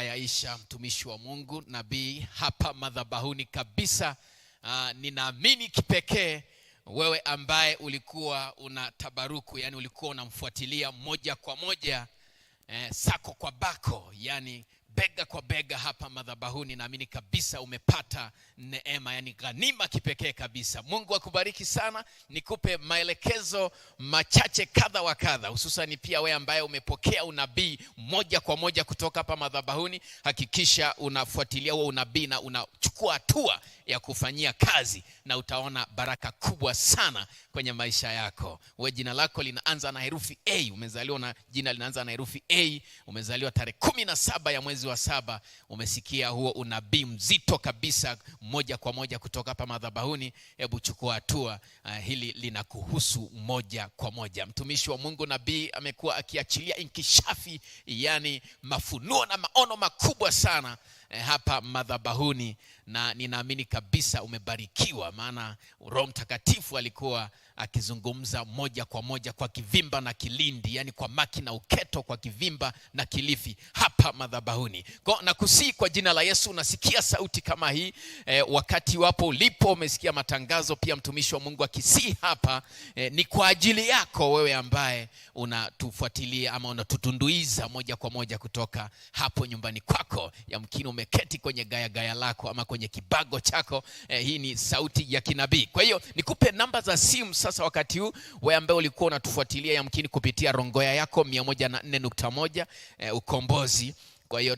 Aisha mtumishi wa Mungu nabii hapa madhabahuni kabisa. Uh, ninaamini kipekee wewe ambaye ulikuwa una tabaruku, yani ulikuwa unamfuatilia moja kwa moja eh, sako kwa bako, yani bega kwa bega hapa madhabahuni, naamini kabisa umepata neema, yani ghanima kipekee kabisa. Mungu akubariki sana. Nikupe maelekezo machache kadha wa kadha, hususan pia wewe ambaye umepokea unabii moja kwa moja kutoka hapa madhabahuni, hakikisha unafuatilia huo unabii na unachukua hatua ya kufanyia kazi, na utaona baraka kubwa sana kwenye maisha yako. Wewe jina lako linaanza na herufi A, umezaliwa na jina linaanza na herufi A, umezaliwa tarehe kumi na saba ya mwezi mwezi wa saba, umesikia huo unabii mzito kabisa, moja kwa moja kutoka hapa madhabahuni. Hebu chukua hatua, uh, hili linakuhusu moja kwa moja. Mtumishi wa Mungu nabii amekuwa akiachilia inkishafi, yani mafunuo na maono makubwa sana eh, hapa madhabahuni, na ninaamini kabisa umebarikiwa, maana Roho Mtakatifu alikuwa akizungumza moja kwa moja kwa kivimba na kilindi, yani kwa maki na uketo, kwa kivimba na kilifi hapa madhabahuni. Kwa nakusii kwa jina la Yesu, unasikia sauti kama hii eh, wakati wapo ulipo, umesikia matangazo pia mtumishi wa Mungu akisii hapa eh, ni kwa ajili yako wewe ambaye unatufuatilia ama unatutunduiza moja kwa moja kutoka hapo nyumbani kwako, yamkini umeketi kwenye gayagaya gaya lako ama kwenye kibago chako. Eh, hii ni sauti ya kinabii. Kwa hiyo nikupe namba za simu sasa, wakati huu wewe ambaye ulikuwa unatufuatilia yamkini kupitia rongoya yako 104.1 eh, Ukombozi. Kwa hiyo